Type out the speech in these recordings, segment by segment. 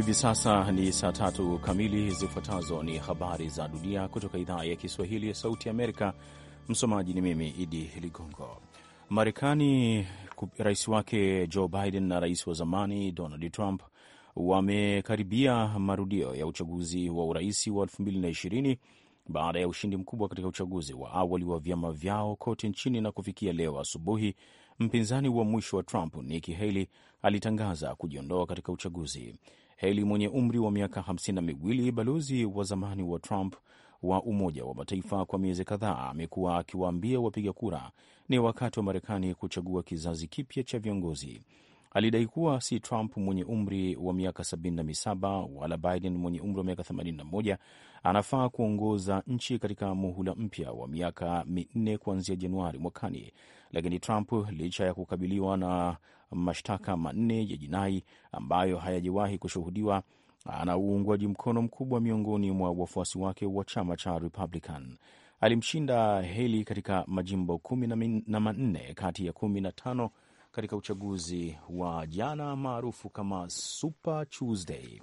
Hivi sasa ni saa tatu kamili. Zifuatazo ni habari za dunia kutoka idhaa ya Kiswahili ya Sauti ya Amerika. Msomaji ni mimi Idi Ligongo. Marekani, rais wake Joe Biden na rais wa zamani Donald Trump wamekaribia marudio ya uchaguzi wa urais wa 2020 baada ya ushindi mkubwa katika uchaguzi wa awali wa vyama vyao kote nchini. Na kufikia leo asubuhi, mpinzani wa mwisho wa Trump Nikki Haley alitangaza kujiondoa katika uchaguzi. Haley mwenye umri wa miaka hamsini na miwili, balozi wa zamani wa Trump wa Umoja wa Mataifa kwa miezi kadhaa, amekuwa akiwaambia wapiga kura ni wakati wa Marekani kuchagua kizazi kipya cha viongozi. Alidai kuwa si Trump mwenye umri wa miaka 77 wala Biden mwenye umri wa miaka 81 anafaa kuongoza nchi katika muhula mpya wa miaka minne kuanzia Januari mwakani. Lakini Trump, licha ya kukabiliwa na mashtaka manne ya jinai ambayo hayajawahi kushuhudiwa. Ana uungwaji mkono mkubwa miongoni mwa wafuasi wake wa chama cha Republican. Alimshinda Haley katika majimbo kumi na manne kati ya kumi na tano katika uchaguzi wa jana maarufu kama Super Tuesday.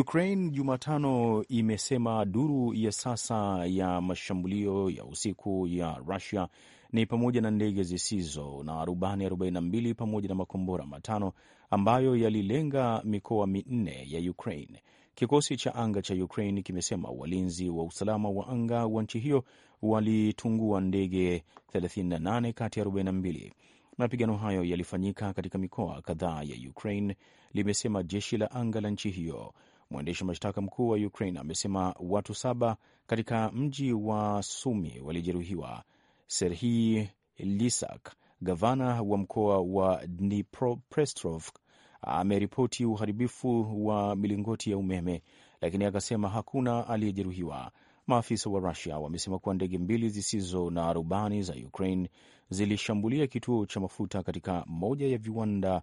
Ukraine Jumatano imesema duru ya sasa ya mashambulio ya usiku ya Russia ni pamoja na ndege zisizo na rubani 42 pamoja na makombora matano ambayo yalilenga mikoa minne ya Ukraine. Kikosi cha anga cha Ukraine kimesema walinzi wa usalama wa anga wa nchi hiyo walitungua ndege 38 kati ya 42. Mapigano hayo yalifanyika katika mikoa kadhaa ya Ukraine, limesema jeshi la anga la nchi hiyo. Mwendesha mashtaka mkuu wa Ukraine amesema watu saba katika mji wa Sumi walijeruhiwa. Serhii lisak gavana wa mkoa wa Dnipropetrovsk, ameripoti uharibifu wa milingoti ya umeme, lakini akasema hakuna aliyejeruhiwa. Maafisa wa Rusia wamesema kuwa ndege mbili zisizo na rubani za Ukraine zilishambulia kituo cha mafuta katika moja ya viwanda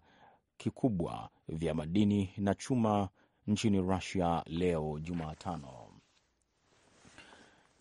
kikubwa vya madini na chuma nchini Rusia leo Jumatano.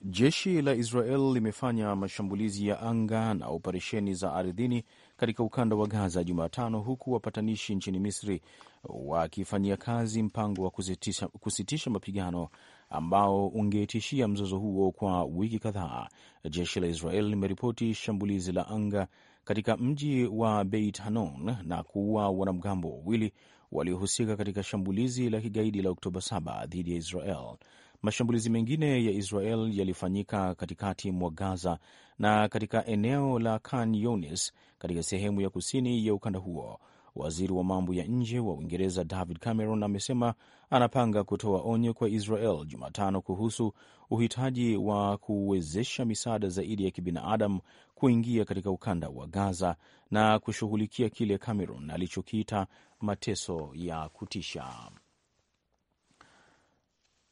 Jeshi la Israel limefanya mashambulizi ya anga na operesheni za ardhini katika ukanda wa Gaza Jumatano, huku wapatanishi nchini Misri wakifanyia kazi mpango wa kusitisha, kusitisha mapigano ambao ungetishia mzozo huo kwa wiki kadhaa. Jeshi la Israel limeripoti shambulizi la anga katika mji wa Beit Hanon na kuua wanamgambo wawili waliohusika katika shambulizi la kigaidi la Oktoba 7 dhidi ya Israel. Mashambulizi mengine ya Israel yalifanyika katikati mwa Gaza na katika eneo la Khan Younis katika sehemu ya kusini ya ukanda huo. Waziri wa mambo ya nje wa Uingereza David Cameron amesema anapanga kutoa onyo kwa Israel Jumatano kuhusu uhitaji wa kuwezesha misaada zaidi ya kibinadamu kuingia katika ukanda wa Gaza na kushughulikia kile Cameron alichokiita mateso ya kutisha.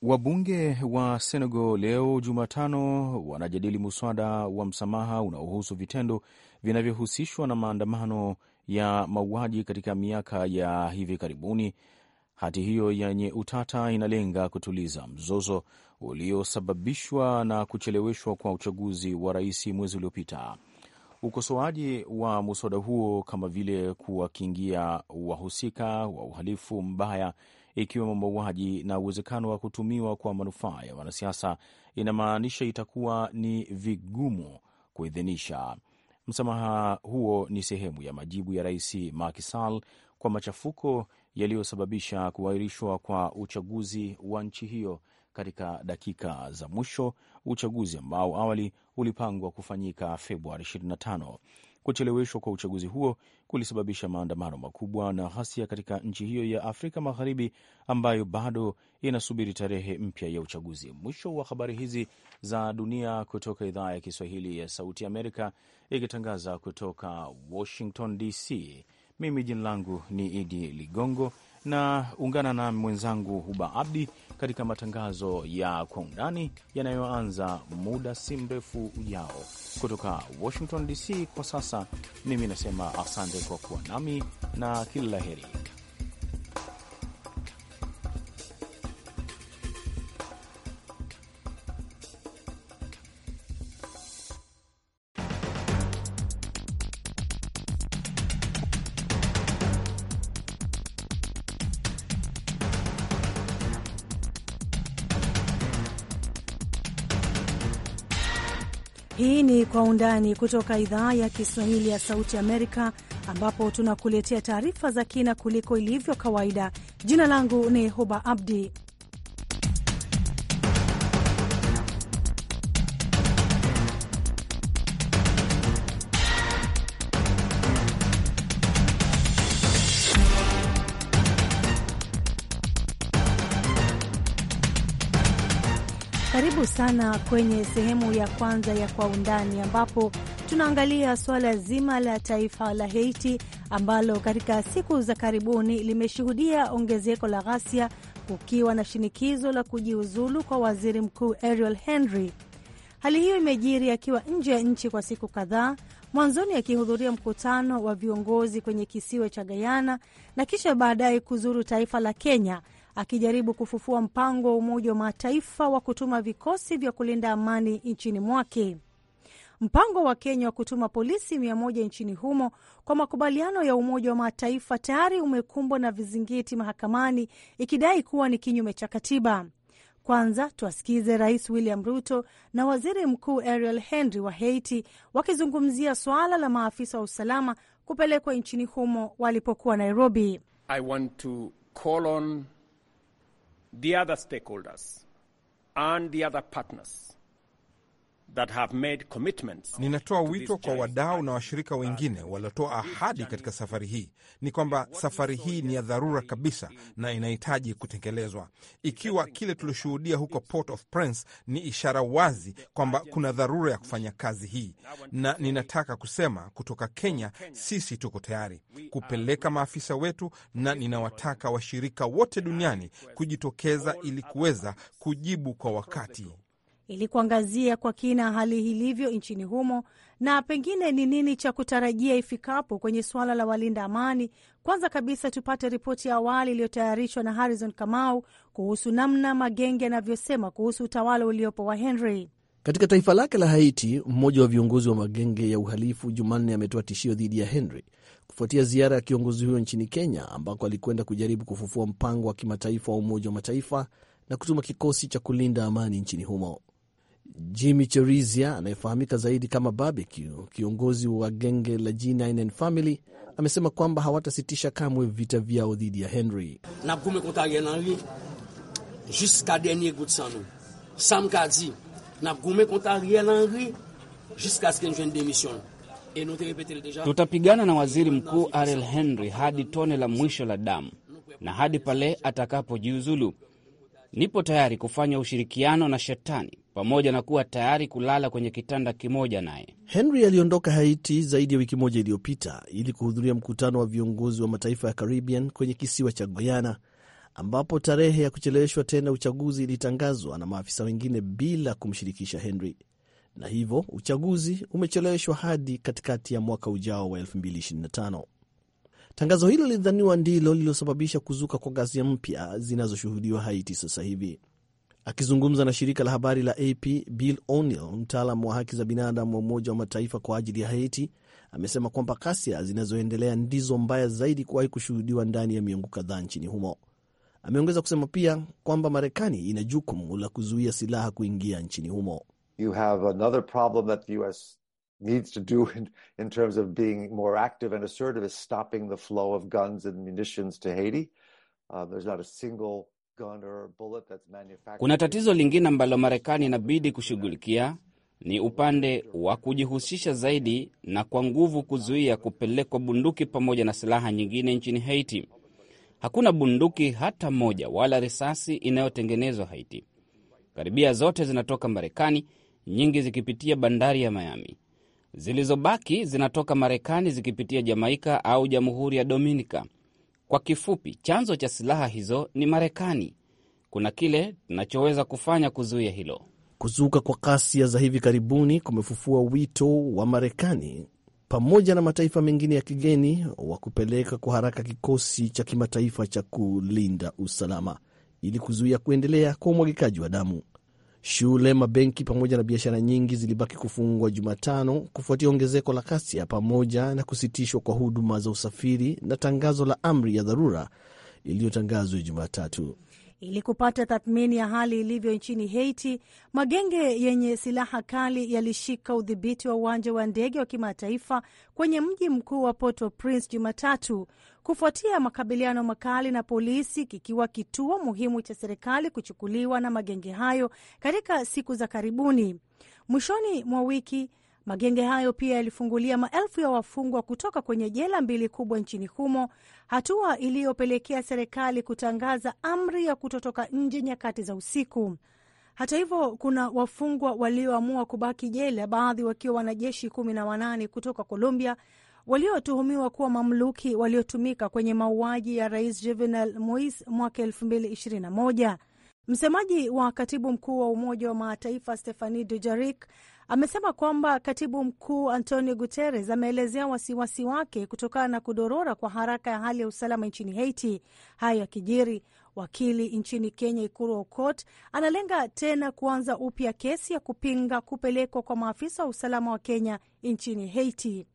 Wabunge wa Senegal leo Jumatano wanajadili muswada wa msamaha unaohusu vitendo vinavyohusishwa na maandamano ya mauaji katika miaka ya hivi karibuni. Hati hiyo yenye utata inalenga kutuliza mzozo uliosababishwa na kucheleweshwa kwa uchaguzi wa rais mwezi uliopita. Ukosoaji wa muswada huo kama vile kuwakingia wahusika wa uhalifu mbaya ikiwemo mauaji na uwezekano wa kutumiwa kwa manufaa ya wanasiasa, inamaanisha itakuwa ni vigumu kuidhinisha msamaha huo. Ni sehemu ya majibu ya Rais Macky Sall kwa machafuko yaliyosababisha kuahirishwa kwa uchaguzi wa nchi hiyo katika dakika za mwisho, uchaguzi ambao awali ulipangwa kufanyika Februari 25. Kucheleweshwa kwa uchaguzi huo kulisababisha maandamano makubwa na ghasia katika nchi hiyo ya Afrika Magharibi ambayo bado inasubiri tarehe mpya ya uchaguzi. Mwisho wa habari hizi za dunia kutoka idhaa ya Kiswahili ya Sauti Amerika, ikitangaza kutoka Washington DC. Mimi jina langu ni Idi Ligongo na ungana na mwenzangu Huba Abdi katika matangazo ya Kwa Undani yanayoanza muda si mrefu ujao kutoka Washington DC. Kwa sasa mimi nasema asante kwa kuwa nami na kila la heri. undani kutoka idhaa ya Kiswahili ya Sauti Amerika, ambapo tunakuletea taarifa za kina kuliko ilivyo kawaida. Jina langu ni huba Abdi. Karibu sana kwenye sehemu ya kwanza ya Kwa Undani, ambapo tunaangalia suala zima la taifa la Haiti ambalo katika siku za karibuni limeshuhudia ongezeko la ghasia, kukiwa na shinikizo la kujiuzulu kwa waziri mkuu Ariel Henry. Hali hiyo imejiri akiwa nje ya nchi kwa siku kadhaa, mwanzoni akihudhuria mkutano wa viongozi kwenye kisiwa cha Guyana na kisha baadaye kuzuru taifa la Kenya akijaribu kufufua mpango wa Umoja wa Mataifa wa kutuma vikosi vya kulinda amani nchini mwake. Mpango wa Kenya wa kutuma polisi mia moja nchini humo kwa makubaliano ya Umoja wa Mataifa tayari umekumbwa na vizingiti mahakamani, ikidai kuwa ni kinyume cha katiba. Kwanza tuwasikize Rais William Ruto na Waziri Mkuu Ariel Henry wa Haiti wakizungumzia suala la maafisa wa usalama kupelekwa nchini humo walipokuwa Nairobi. I want to call on the other stakeholders and the other partners. that have made commitments. Ninatoa wito kwa wadau na washirika wengine waliotoa ahadi katika safari hii, ni kwamba safari hii ni ya dharura kabisa na inahitaji kutekelezwa. Ikiwa kile tulioshuhudia huko Port of Prince ni ishara wazi kwamba kuna dharura ya kufanya kazi hii, na ninataka kusema kutoka Kenya, sisi tuko tayari kupeleka maafisa wetu, na ninawataka washirika wote duniani kujitokeza ili kuweza kujibu kwa wakati ili kuangazia kwa kina hali ilivyo nchini humo na pengine ni nini cha kutarajia ifikapo kwenye suala la walinda amani. Kwanza kabisa tupate ripoti ya awali iliyotayarishwa na Harrison Kamau kuhusu namna magenge yanavyosema kuhusu utawala uliopo wa Henry. Katika taifa lake la Haiti, mmoja wa viongozi wa magenge ya uhalifu Jumanne ametoa tishio dhidi ya Henry kufuatia ziara ya kiongozi huyo nchini Kenya, ambako alikwenda kujaribu kufufua mpango wa kimataifa wa Umoja wa Mataifa na kutuma kikosi cha kulinda amani nchini humo. Jimmy Cherizia anayefahamika zaidi kama Barbecue, kiongozi wa genge la G9 and Family, amesema kwamba hawatasitisha kamwe vita vyao dhidi ya Henry. Tutapigana na waziri mkuu Ariel Henry hadi tone la mwisho la damu na hadi pale atakapojiuzulu. Nipo tayari kufanya ushirikiano na shetani pamoja na kuwa tayari kulala kwenye kitanda kimoja naye. Henry aliondoka Haiti zaidi ya wiki moja iliyopita ili kuhudhuria mkutano wa viongozi wa mataifa ya Caribbean kwenye kisiwa cha Guyana, ambapo tarehe ya kucheleweshwa tena uchaguzi ilitangazwa na maafisa wengine bila kumshirikisha Henry, na hivyo uchaguzi umecheleweshwa hadi katikati ya mwaka ujao wa 2025. Tangazo hilo lilidhaniwa ndilo lililosababisha kuzuka kwa ghasia mpya zinazoshuhudiwa Haiti sasa hivi. Akizungumza na shirika la habari la AP, Bill O'Neill, mtaalam wa haki za binadamu wa Umoja wa Mataifa kwa ajili ya Haiti, amesema kwamba kasia zinazoendelea ndizo mbaya zaidi kuwahi kushuhudiwa ndani ya miongo kadhaa nchini humo. Ameongeza kusema pia kwamba Marekani ina jukumu la kuzuia silaha kuingia nchini humo. You have another problem that the US needs to do in, in terms of being more active and assertive is stopping the flow of guns and munitions to Haiti. Uh, there's not a single kuna tatizo lingine ambalo Marekani inabidi kushughulikia ni upande wa kujihusisha zaidi na kwa nguvu kuzuia kupelekwa bunduki pamoja na silaha nyingine nchini Haiti. Hakuna bunduki hata moja wala risasi inayotengenezwa Haiti. Karibia zote zinatoka Marekani, nyingi zikipitia bandari ya Miami. Zilizobaki zinatoka Marekani zikipitia Jamaika au Jamhuri ya Dominika. Kwa kifupi, chanzo cha silaha hizo ni Marekani. Kuna kile tunachoweza kufanya kuzuia hilo. Kuzuka kwa ghasia za hivi karibuni kumefufua wito wa Marekani pamoja na mataifa mengine ya kigeni wa kupeleka kwa haraka kikosi cha kimataifa cha kulinda usalama ili kuzuia kuendelea kwa umwagikaji wa damu. Shule, mabenki pamoja na biashara nyingi zilibaki kufungwa Jumatano kufuatia ongezeko la kasia pamoja na kusitishwa kwa huduma za usafiri na tangazo la amri ya dharura iliyotangazwa Jumatatu ili kupata tathmini ya hali ilivyo nchini Haiti. Magenge yenye silaha kali yalishika udhibiti wa uwanja wa ndege wa kimataifa kwenye mji mkuu wa Port-au-Prince Jumatatu kufuatia makabiliano makali na polisi, kikiwa kituo muhimu cha serikali kuchukuliwa na magenge hayo katika siku za karibuni. Mwishoni mwa wiki Magenge hayo pia yalifungulia maelfu ya wafungwa kutoka kwenye jela mbili kubwa nchini humo, hatua iliyopelekea serikali kutangaza amri ya kutotoka nje nyakati za usiku. Hata hivyo, kuna wafungwa walioamua kubaki jela, baadhi wakiwa wanajeshi kumi na wanane kutoka Colombia waliotuhumiwa kuwa mamluki waliotumika kwenye mauaji ya Rais Juvenal Moise mwaka moja. Msemaji wa katibu mkuu wa Umoja wa Mataifa Stephani Dujarik amesema kwamba katibu mkuu Antonio Guterres ameelezea wasiwasi wake kutokana na kudorora kwa haraka ya hali ya usalama nchini Haiti. Hayo yakijiri, wakili nchini Kenya Ikuru Okot analenga tena kuanza upya kesi ya kupinga kupelekwa kwa maafisa wa usalama wa Kenya nchini Haiti.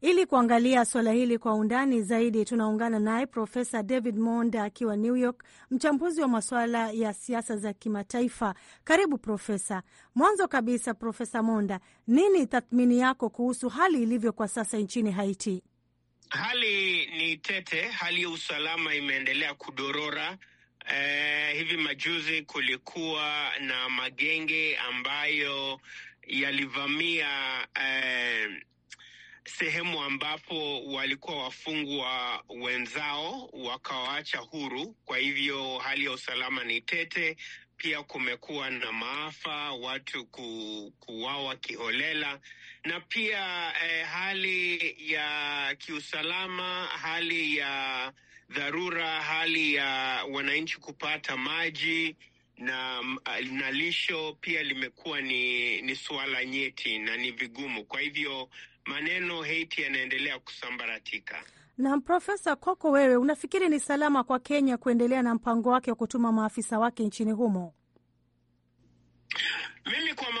Ili kuangalia suala hili kwa undani zaidi, tunaungana naye Profesa David Monda akiwa New York, mchambuzi wa masuala ya siasa za kimataifa. Karibu Profesa. Mwanzo kabisa, Profesa Monda, nini tathmini yako kuhusu hali ilivyo kwa sasa nchini Haiti? Hali ni tete, hali ya usalama imeendelea kudorora. Eh, hivi majuzi kulikuwa na magenge ambayo yalivamia eh, sehemu ambapo walikuwa wafungwa wenzao wakawaacha huru. Kwa hivyo hali ya usalama ni tete. Pia kumekuwa na maafa, watu ku, kuwawa kiholela na pia eh, hali ya kiusalama, hali ya dharura, hali ya wananchi kupata maji na, mm, ah, na lisho pia limekuwa ni, ni suala nyeti na ni vigumu. Kwa hivyo maneno Haiti yanaendelea kusambaratika. Na Profesa, kwako wewe, unafikiri ni salama kwa Kenya kuendelea na mpango wake wa kutuma maafisa wake nchini humo? Mimi kwa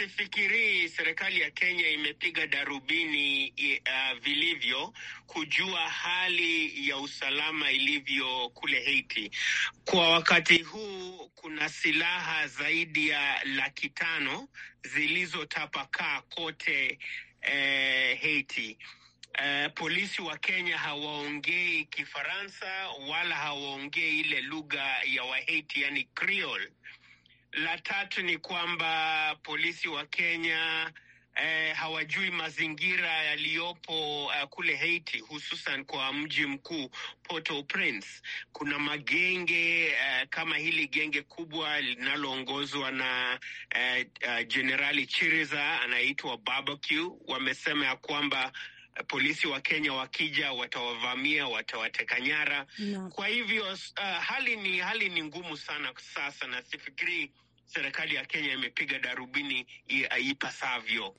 sifikirii serikali ya Kenya imepiga darubini uh, vilivyo kujua hali ya usalama ilivyo kule Haiti kwa wakati huu. Kuna silaha zaidi ya laki tano zilizotapakaa kote uh, Haiti. Uh, polisi wa Kenya hawaongei Kifaransa wala hawaongei ile lugha ya Wahaiti, yani Creole. La tatu ni kwamba polisi wa Kenya eh, hawajui mazingira yaliyopo eh, kule Haiti, hususan kwa mji mkuu Port-au-Prince. Kuna magenge eh, kama hili genge kubwa linaloongozwa na eh, uh, uh, Chiriza anaitwa Barbecue. Wamesema ya kwamba polisi wa Kenya wakija watawavamia, watawateka nyara no. Kwa hivyo uh, hali ni hali ni ngumu sana sasa, na sifikiri serikali ya Kenya imepiga darubini uh, ipasavyo.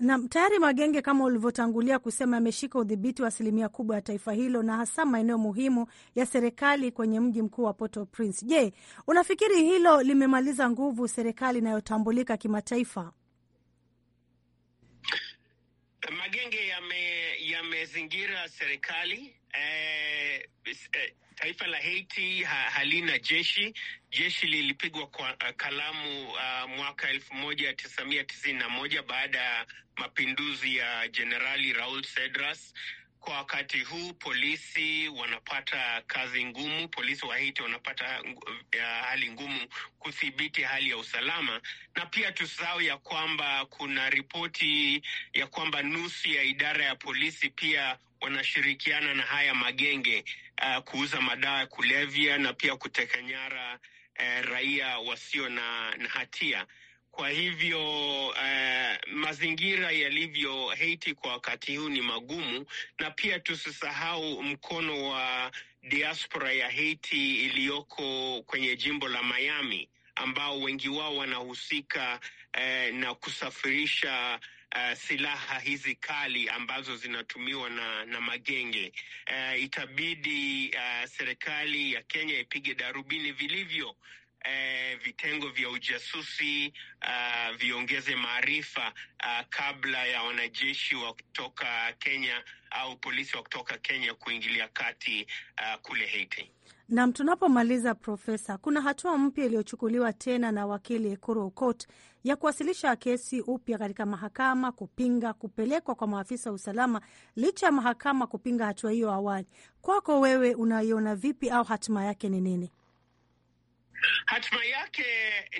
Nam tayari magenge kama ulivyotangulia kusema yameshika udhibiti wa asilimia kubwa ya taifa hilo na hasa maeneo muhimu ya serikali kwenye mji mkuu wa Port-au-Prince. Je, unafikiri hilo limemaliza nguvu serikali inayotambulika kimataifa magenge mazingira serikali eh, eh, taifa la Haiti ha, halina jeshi. Jeshi lilipigwa kwa eh, kalamu uh, mwaka elfu moja tisa mia tisini na moja baada ya mapinduzi ya Jenerali Raul Cedras kwa wakati huu polisi wanapata kazi ngumu, polisi wa Haiti wanapata hali ngumu kudhibiti hali ya usalama, na pia tusahau ya kwamba kuna ripoti ya kwamba nusu ya idara ya polisi pia wanashirikiana na haya magenge uh, kuuza madawa ya kulevya na pia kuteka nyara uh, raia wasio na, na hatia. Kwa hivyo uh, mazingira yalivyo Haiti kwa wakati huu ni magumu, na pia tusisahau mkono wa diaspora ya Haiti iliyoko kwenye jimbo la Miami ambao wengi wao wanahusika eh, na kusafirisha eh, silaha hizi kali ambazo zinatumiwa na, na magenge eh, itabidi eh, serikali ya Kenya ipige darubini vilivyo eh, vitengo vya ujasusi uh, viongeze maarifa uh, kabla ya wanajeshi wa kutoka Kenya au polisi wa kutoka Kenya kuingilia kati uh, kule Haiti. Nam, tunapomaliza Profesa, kuna hatua mpya iliyochukuliwa tena na wakili Ekuru Aukot ya kuwasilisha kesi upya katika mahakama kupinga kupelekwa kwa maafisa wa usalama licha ya mahakama kupinga hatua hiyo awali. Kwako wewe, unaiona vipi au hatima yake ni nini? Hatima yake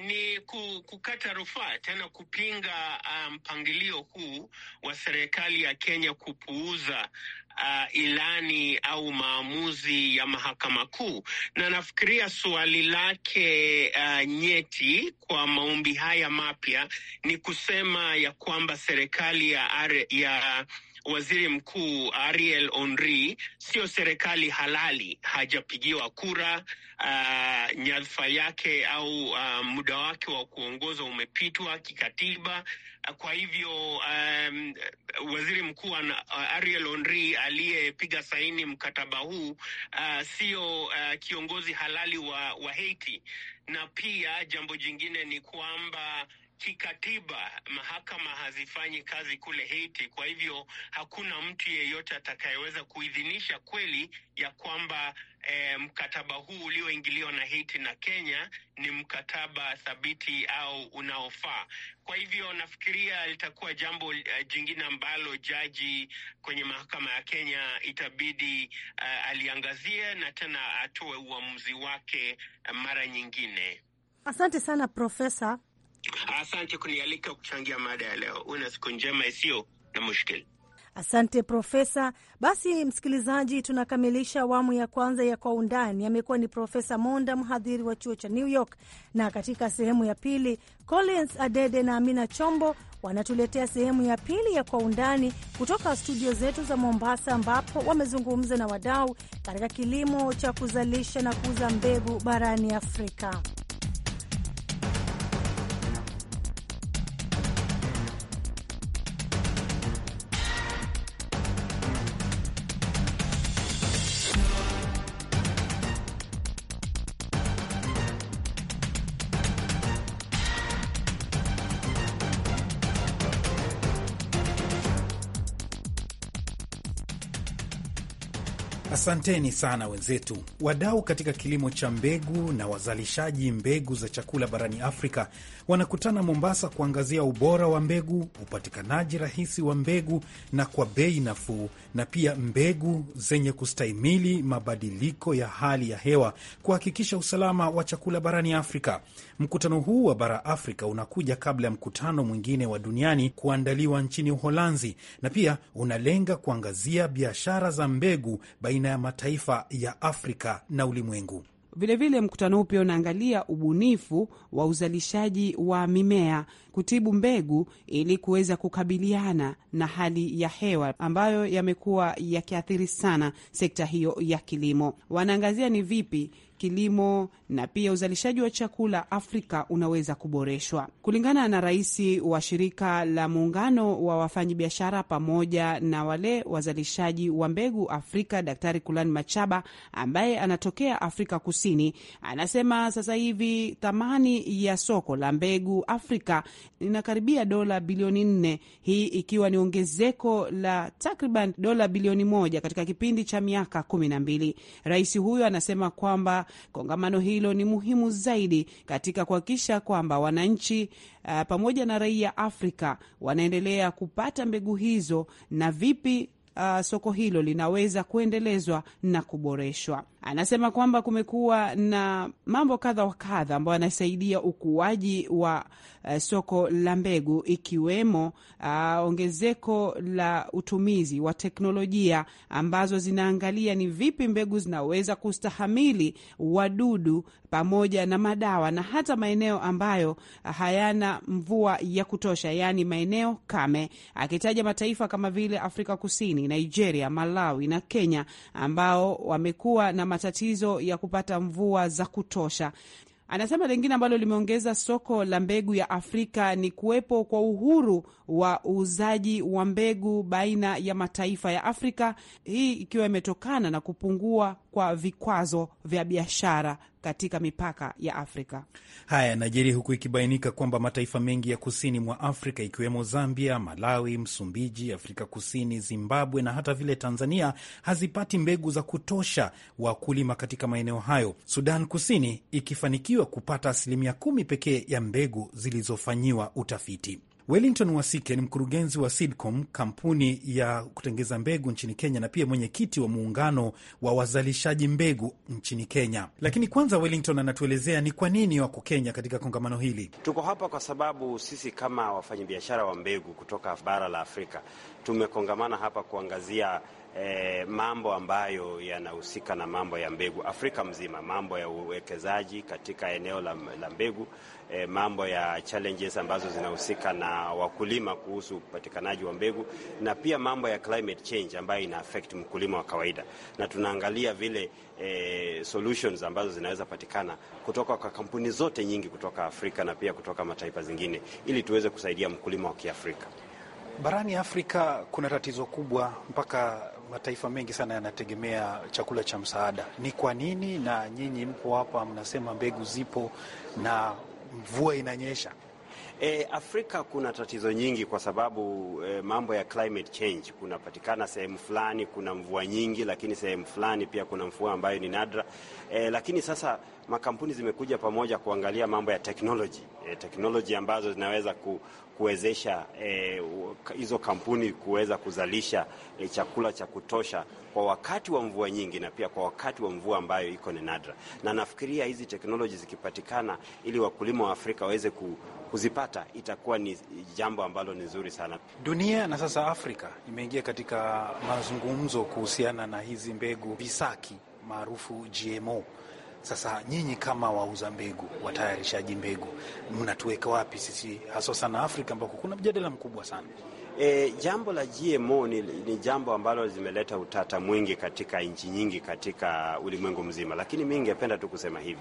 ni kukata rufaa tena kupinga ah, mpangilio um, huu wa serikali ya Kenya kupuuza uh, ilani au maamuzi ya mahakama kuu, na nafikiria swali lake uh, nyeti kwa maombi haya mapya ni kusema ya kwamba serikali ya, ya waziri mkuu Ariel Henry sio serikali halali, hajapigiwa kura. Uh, nyadhifa yake au uh, muda wake wa kuongoza umepitwa kikatiba. Kwa hivyo um, waziri mkuu Ariel Henry aliyepiga saini mkataba huu uh, sio uh, kiongozi halali wa, wa Haiti. Na pia jambo jingine ni kwamba Kikatiba mahakama hazifanyi kazi kule Haiti, kwa hivyo hakuna mtu yeyote atakayeweza kuidhinisha kweli ya kwamba eh, mkataba huu ulioingiliwa na Haiti na Kenya ni mkataba thabiti au unaofaa. Kwa hivyo nafikiria litakuwa jambo uh, jingine ambalo jaji kwenye mahakama ya Kenya itabidi uh, aliangazie na tena atoe uamuzi wake eh, mara nyingine. Asante sana Profesa. Asante kunialika kuchangia mada ya leo. Una siku njema isiyo na mushkili. Asante Profesa. Basi msikilizaji, tunakamilisha awamu ya kwanza ya Kwa Undani. Amekuwa ni Profesa Monda, mhadhiri wa chuo cha New York, na katika sehemu ya pili Collins Adede na Amina Chombo wanatuletea sehemu ya pili ya Kwa Undani kutoka studio zetu za Mombasa, ambapo wamezungumza na wadau katika kilimo cha kuzalisha na kuuza mbegu barani Afrika. Asanteni sana wenzetu, wadau katika kilimo cha mbegu na wazalishaji mbegu za chakula barani Afrika wanakutana Mombasa kuangazia ubora wa mbegu, upatikanaji rahisi wa mbegu na kwa bei nafuu, na pia mbegu zenye kustahimili mabadiliko ya hali ya hewa, kuhakikisha usalama wa chakula barani Afrika. Mkutano huu wa bara Afrika unakuja kabla ya mkutano mwingine wa duniani kuandaliwa nchini Uholanzi, na pia unalenga kuangazia biashara za mbegu baina ya mataifa ya Afrika na ulimwengu. Vilevile, mkutano huu pia unaangalia ubunifu wa uzalishaji wa mimea, kutibu mbegu ili kuweza kukabiliana na hali ya hewa ambayo yamekuwa yakiathiri sana sekta hiyo ya kilimo. Wanaangazia ni vipi kilimo na pia uzalishaji wa chakula Afrika unaweza kuboreshwa. Kulingana na rais wa shirika la muungano wa wafanyabiashara pamoja na wale wazalishaji wa mbegu Afrika, Daktari Kulani Machaba ambaye anatokea Afrika Kusini, anasema sasa hivi thamani ya soko la mbegu Afrika inakaribia dola bilioni nne, hii ikiwa ni ongezeko la takriban dola bilioni moja katika kipindi cha miaka kumi na mbili. Rais huyo anasema kwamba kongamano hii hilo ni muhimu zaidi katika kuhakikisha kwamba wananchi uh, pamoja na raia Afrika wanaendelea kupata mbegu hizo na vipi uh, soko hilo linaweza kuendelezwa na kuboreshwa. Anasema kwamba kumekuwa na mambo kadha wa kadha ambayo yanasaidia ukuaji wa uh, soko la mbegu ikiwemo uh, ongezeko la utumizi wa teknolojia ambazo zinaangalia ni vipi mbegu zinaweza kustahamili wadudu pamoja na madawa na hata maeneo ambayo hayana mvua ya kutosha, yaani maeneo kame, akitaja mataifa kama vile Afrika Kusini Nigeria, Malawi na Kenya ambao wamekuwa na matatizo ya kupata mvua za kutosha. Anasema lingine ambalo limeongeza soko la mbegu ya Afrika ni kuwepo kwa uhuru wa uuzaji wa mbegu baina ya mataifa ya Afrika, hii ikiwa imetokana na kupungua kwa vikwazo vya biashara katika mipaka ya Afrika. Haya yanajiri huku ikibainika kwamba mataifa mengi ya kusini mwa Afrika ikiwemo Zambia, Malawi, Msumbiji, Afrika Kusini, Zimbabwe na hata vile Tanzania hazipati mbegu za kutosha wakulima katika maeneo hayo, Sudan Kusini ikifanikiwa kupata asilimia kumi pekee ya mbegu zilizofanyiwa utafiti. Wellington Wasike ni mkurugenzi wa Sidcom, kampuni ya kutengeza mbegu nchini Kenya, na pia mwenyekiti wa muungano wa wazalishaji mbegu nchini Kenya. Lakini kwanza, Wellington anatuelezea ni kwa nini wako Kenya katika kongamano hili. Tuko hapa kwa sababu sisi kama wafanyabiashara wa mbegu kutoka bara la Afrika tumekongamana hapa kuangazia eh, mambo ambayo yanahusika na mambo ya mbegu Afrika mzima, mambo ya uwekezaji katika eneo la, la mbegu E, mambo ya challenges ambazo zinahusika na wakulima kuhusu upatikanaji wa mbegu na pia mambo ya climate change ambayo ina affect mkulima wa kawaida, na tunaangalia vile e, solutions ambazo zinaweza patikana kutoka kwa kampuni zote nyingi kutoka Afrika na pia kutoka mataifa zingine ili tuweze kusaidia mkulima wa Kiafrika. Barani Afrika kuna tatizo kubwa mpaka mataifa mengi sana yanategemea chakula cha msaada. Ni kwa nini? Na nyinyi mpo hapa mnasema mbegu zipo na mvua inanyesha. E, Afrika kuna tatizo nyingi kwa sababu e, mambo ya climate change kunapatikana sehemu fulani kuna mvua nyingi, lakini sehemu fulani pia kuna mvua ambayo ni nadra e, lakini sasa makampuni zimekuja pamoja kuangalia mambo ya teknoloji e, teknoloji ambazo zinaweza ku, kuwezesha eh, hizo e, kampuni kuweza kuzalisha e, chakula cha kutosha kwa wakati wa mvua nyingi na pia kwa wakati wa mvua ambayo iko ni nadra, na nafikiria hizi teknoloji zikipatikana ili wakulima wa Afrika waweze kuzipata itakuwa ni jambo ambalo ni zuri sana. Dunia na sasa Afrika imeingia katika mazungumzo kuhusiana na hizi mbegu visaki maarufu GMO sasa nyinyi kama wauza mbegu, watayarishaji mbegu, mnatuweka wapi sisi, hasa sana Afrika ambako kuna mjadala mkubwa sana E, jambo la GMO ni, ni jambo ambalo zimeleta utata mwingi katika nchi nyingi katika ulimwengu mzima, lakini mi ningependa tu kusema hivi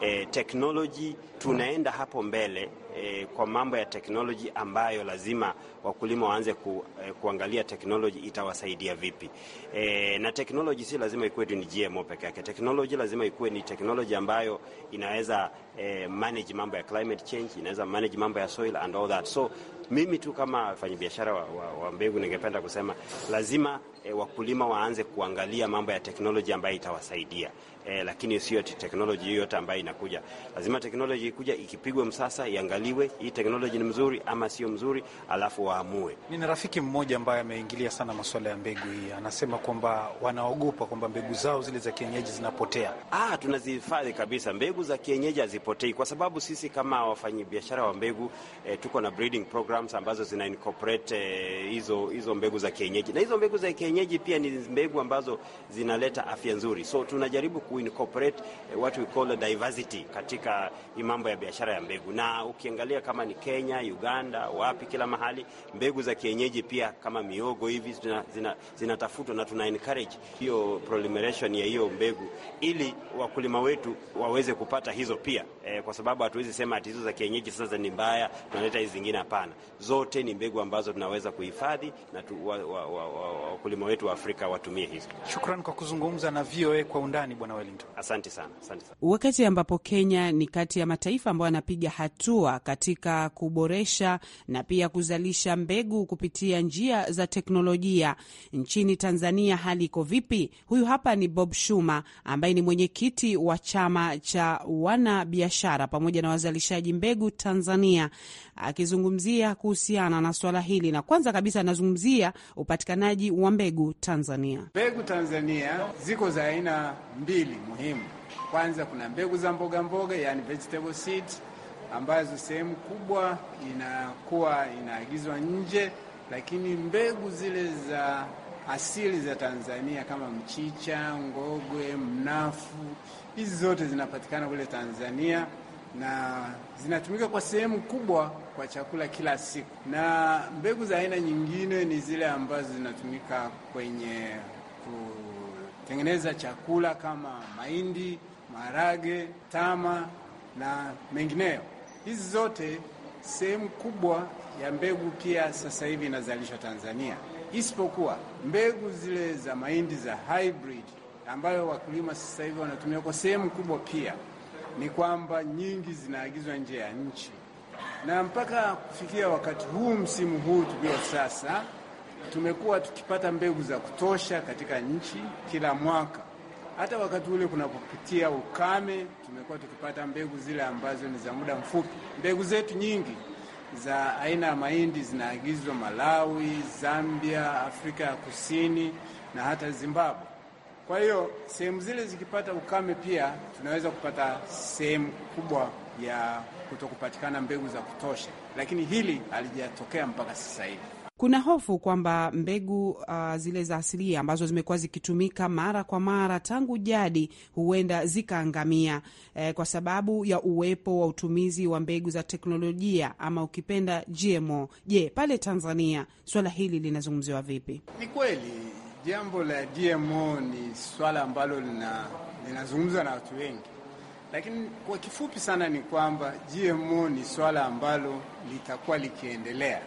e, eh, teknoloji tunaenda hapo mbele e, kwa mambo ya teknoloji ambayo lazima wakulima waanze ku, e, kuangalia teknoloji itawasaidia vipi e, na teknoloji si lazima ikuwe tu ni GMO peke yake. Teknoloji lazima ikuwe ni teknoloji ambayo inaweza e, manage mambo ya climate change, inaweza manage mambo ya soil and all that so mimi tu kama wafanyabiashara wa, wa, wa mbegu ningependa kusema lazima e, wakulima waanze kuangalia mambo ya teknoloji ambayo itawasaidia e, lakini sio teknoloji yoyote ambayo inakuja. Lazima teknoloji ikuja ikipigwe msasa, iangaliwe hii teknoloji ni mzuri ama sio mzuri, alafu waamue. Nina rafiki mmoja ambaye ameingilia sana masuala ya mbegu hii, anasema kwamba wanaogopa kwamba mbegu zao zile za kienyeji zinapotea. Ah, tunazihifadhi kabisa mbegu za kienyeji hazipotei, kwa sababu sisi kama wafanyabiashara wa mbegu e, tuko na breeding program programs ambazo zina incorporate eh, hizo hizo mbegu za kienyeji, na hizo mbegu za kienyeji pia ni mbegu ambazo zinaleta afya nzuri, so tunajaribu kuincorporate eh, what we call diversity katika mambo ya biashara ya mbegu, na ukiangalia kama ni Kenya, Uganda, wapi, kila mahali mbegu za kienyeji pia kama miogo hivi zinatafutwa, na tuna encourage hiyo proliferation ya hiyo mbegu ili wakulima wetu waweze kupata hizo pia e, kwa sababu hatuwezi sema ati hizo za kienyeji sasa ni mbaya tunaleta hizi zingine, hapana zote ni mbegu ambazo tunaweza kuhifadhi na wakulima wetu wa Afrika watumie hizo. Shukrani kwa kuzungumza na VOA kwa undani, Bwana Wellington. Asante sana, asante sana. Wakati ambapo Kenya ni kati ya mataifa ambayo yanapiga hatua katika kuboresha na pia kuzalisha mbegu kupitia njia za teknolojia, nchini Tanzania hali iko vipi? Huyu hapa ni Bob Shuma ambaye ni mwenyekiti wa chama cha wanabiashara pamoja na wazalishaji mbegu Tanzania akizungumzia kuhusiana na swala hili, na kwanza kabisa anazungumzia upatikanaji wa mbegu Tanzania. Mbegu Tanzania ziko za aina mbili muhimu. Kwanza kuna mbegu za mbogamboga mboga, yani vegetable seed ambazo sehemu kubwa inakuwa inaagizwa nje, lakini mbegu zile za asili za Tanzania kama mchicha, ngogwe, mnafu, hizi zote zinapatikana kule Tanzania na zinatumika kwa sehemu kubwa kwa chakula kila siku, na mbegu za aina nyingine ni zile ambazo zinatumika kwenye kutengeneza chakula kama mahindi, maharage, tama na mengineyo. Hizi zote sehemu kubwa ya mbegu pia sasa hivi inazalishwa Tanzania, isipokuwa mbegu zile za mahindi za hybrid ambayo wakulima sasa hivi wanatumia kwa sehemu kubwa pia ni kwamba nyingi zinaagizwa nje ya nchi, na mpaka kufikia wakati huu, msimu huu tulio sasa, tumekuwa tukipata mbegu za kutosha katika nchi kila mwaka. Hata wakati ule kunapopitia ukame, tumekuwa tukipata mbegu zile ambazo ni za muda mfupi. Mbegu zetu nyingi za aina ya mahindi zinaagizwa Malawi, Zambia, Afrika ya Kusini na hata Zimbabwe. Kwa hiyo sehemu zile zikipata ukame, pia tunaweza kupata sehemu kubwa ya kutokupatikana mbegu za kutosha, lakini hili halijatokea mpaka sasa hivi. Kuna hofu kwamba mbegu uh, zile za asilia ambazo zimekuwa zikitumika mara kwa mara tangu jadi huenda zikaangamia eh, kwa sababu ya uwepo wa utumizi wa mbegu za teknolojia ama ukipenda GMO. Je, pale Tanzania swala hili linazungumziwa vipi? Ni kweli Jambo la GMO ni swala ambalo linazungumzwa na watu wengi, lakini kwa kifupi sana ni kwamba GMO ni swala ambalo litakuwa likiendelea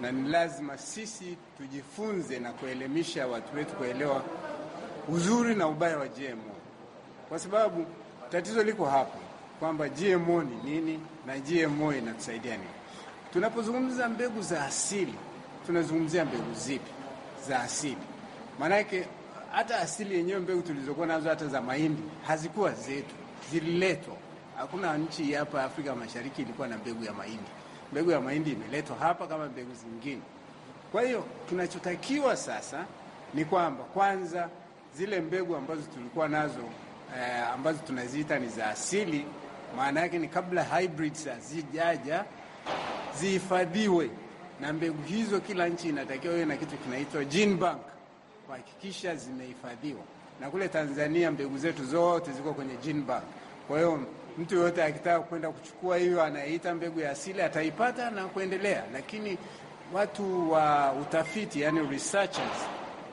na ni lazima sisi tujifunze na kuelimisha watu wetu kuelewa uzuri na ubaya wa GMO, kwa sababu tatizo liko hapa kwamba GMO ni nini na GMO inatusaidia nini. Tunapozungumza mbegu za asili, tunazungumzia mbegu zipi za asili? maanake hata asili yenyewe mbegu tulizokuwa nazo hata za mahindi hazikuwa zetu, zililetwa. Hakuna nchi hapa Afrika Mashariki ilikuwa na mbegu ya mahindi. Mbegu ya mahindi imeletwa hapa kama mbegu zingine. Kwa hiyo kinachotakiwa sasa ni kwamba kwanza zile mbegu ambazo tulikuwa nazo eh, ambazo tunaziita ni za asili, maana yake ni kabla hybrids hazijaja, zihifadhiwe na mbegu hizo. Kila nchi inatakiwa iwe na kitu kinaitwa gene bank kuhakikisha zimehifadhiwa, na kule Tanzania mbegu zetu zote ziko kwenye gene bank. Kwa hiyo mtu yoyote akitaka kwenda kuchukua hiyo, anaita mbegu ya asili ataipata na kuendelea, lakini watu wa utafiti, yani researchers,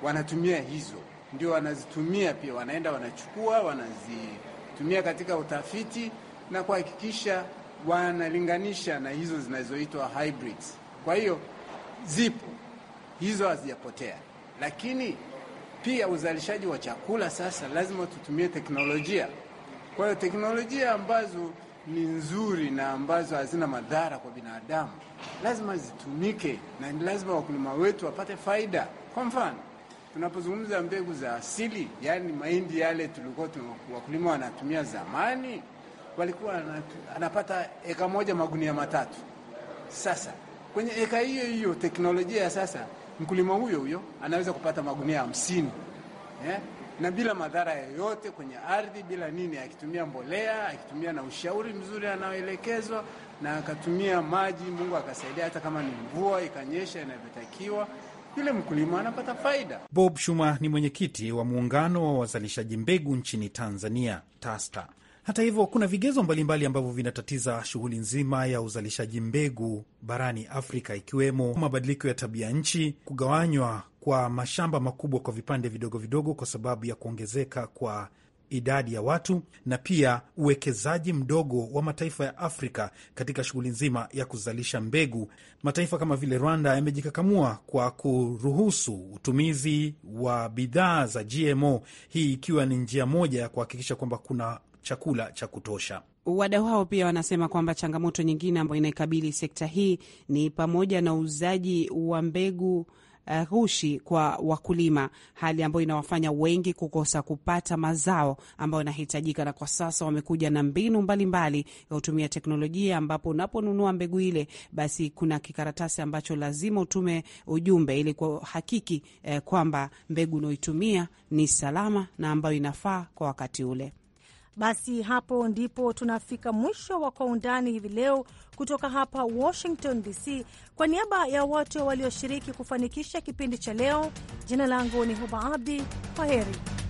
wanatumia hizo ndio wanazitumia pia, wanaenda wanachukua, wanazitumia katika utafiti na kuhakikisha wanalinganisha na hizo zinazoitwa hybrids. Kwa hiyo zipo hizo, hazijapotea lakini pia uzalishaji wa chakula sasa lazima tutumie teknolojia. Kwa hiyo teknolojia ambazo ni nzuri na ambazo hazina madhara kwa binadamu lazima zitumike, na ni lazima wakulima wetu wapate faida. Kwa mfano tunapozungumza mbegu za asili, yaani mahindi yale tulikuwa wakulima wanatumia zamani, walikuwa anapata eka moja magunia matatu. Sasa kwenye eka hiyo hiyo teknolojia ya sasa mkulima huyo huyo anaweza kupata magunia hamsini eh? na bila madhara yoyote kwenye ardhi, bila nini, akitumia mbolea, akitumia na ushauri mzuri anaoelekezwa, na akatumia maji, Mungu akasaidia, hata kama ni mvua ikanyesha inavyotakiwa, yule mkulima anapata faida. Bob Shuma ni mwenyekiti wa muungano wa wazalishaji mbegu nchini Tanzania, TASTA. Hata hivyo, kuna vigezo mbalimbali ambavyo vinatatiza shughuli nzima ya uzalishaji mbegu barani Afrika, ikiwemo mabadiliko ya tabia nchi, kugawanywa kwa mashamba makubwa kwa vipande vidogo vidogo kwa sababu ya kuongezeka kwa idadi ya watu na pia uwekezaji mdogo wa mataifa ya Afrika katika shughuli nzima ya kuzalisha mbegu. Mataifa kama vile Rwanda yamejikakamua kwa kuruhusu utumizi wa bidhaa za GMO, hii ikiwa ni njia moja ya kuhakikisha kwamba kuna chakula cha kutosha. Wadau hao pia wanasema kwamba changamoto nyingine ambayo inaikabili sekta hii ni pamoja na uuzaji wa mbegu uh, kwa wakulima, hali ambayo inawafanya wengi kukosa kupata mazao ambayo yanahitajika. Na kwa sasa wamekuja na mbinu mbalimbali ya kutumia teknolojia, ambapo unaponunua mbegu ile, basi kuna kikaratasi ambacho lazima utume ujumbe ili kuhakiki eh, kwamba mbegu unaoitumia ni salama na ambayo inafaa kwa wakati ule. Basi hapo ndipo tunafika mwisho wa Kwa Undani hivi leo, kutoka hapa Washington DC. Kwa niaba ya wote walioshiriki kufanikisha kipindi cha leo, jina langu ni Huba Abdi. Kwa heri.